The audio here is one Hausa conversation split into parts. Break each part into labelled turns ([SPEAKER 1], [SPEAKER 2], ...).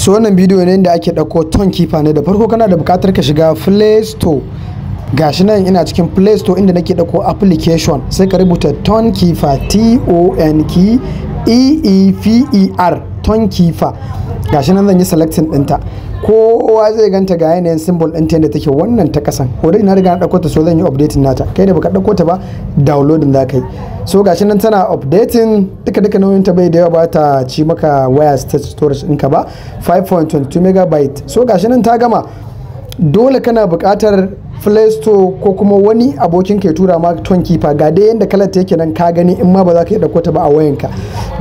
[SPEAKER 1] so wannan bidiyo ne da ake dauko ton kifa ne da farko kana da bukatar ka shiga play store gashi nan ina cikin play store inda nake dauko application sai ka rubuta ton kifa t o n k e e f e r ton kifa gashi nan zan yi selecting dinta kowa zai ganta ga yanayin symbol ɗinta yadda take wannan ta kasan ko na riga na ɗauko ta so zan yi updating nata kai da baka ɗauko ta ba downloading za ka so gashi nan tana updating duka duka nauyin ta bai da yawa ba ta ci maka waya state storage ɗinka ba 5.22 megabyte so gashi nan ta gama dole kana buƙatar play store ko kuma wani abokin ka tura ma ton kifa ga dai yanda kalar ta yake nan ka gani in ma ba za ka iya ta ba a wayanka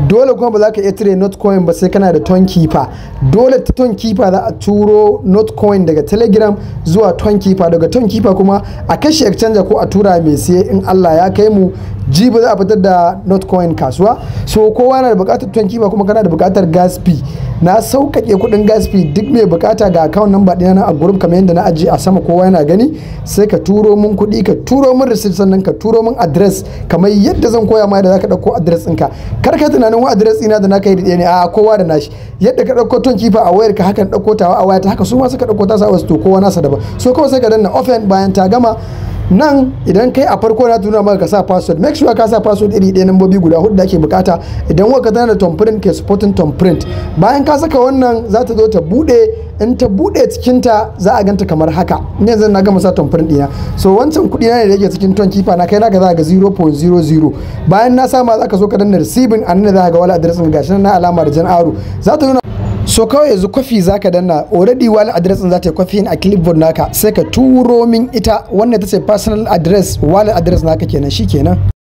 [SPEAKER 1] dole kuma ba za ka iya cire coin ba sai kana da ton kifa dole ta ton kifa za a turo notcoin daga telegram zuwa ton kifa daga ton kifa kuma a kashe exchange ko a tura mai sai in Allah ya kai mu jibi za a fitar da notcoin kasuwa so kowa na da bukatar ton kifa kuma kana da bukatar gas fee na sauƙaƙe kuɗin gas fee duk mai bukata ga account number ɗina na a group kamar yadda na ajiye a sama kowa yana gani sai ka turo min kuɗi ka turo min receipt sannan ka turo min address kamar yadda zan koya ma da ka ɗauko address ɗinka kar ka tunanin wani address ɗina da na kai da ne a kowa da nashi yadda ka ɗauko ton kifa a wayar ka hakan ɗauko ta a ta haka su ma suka ɗauko ta sa wasu to kowa nasa daban so kawai sai ka danna ofen bayan ta gama nan idan kai a farko na tuna maka ka sa password make sure ka sa password iri ɗaya nambobi guda hudu da ake bukata idan waka tana da tom print ke supporting tom print bayan ka saka wannan za ta zo ta bude in ta bude ta za a ganta kamar haka ne zan na gama sa tom print ɗina so wancan kuɗi na ne da yake cikin ton kifa na kai naka za ga 0.00 bayan na sama za ka so ka danna receiving a nan za ka ga wala address gashi na alamar jan aro za ta nuna so kawai yanzu kwafi zaka danna already wallet address za ta yi kwafi a clipboard naka sai ka turo min ita wannan ta ce personal address wallet address naka kenan shi kenan.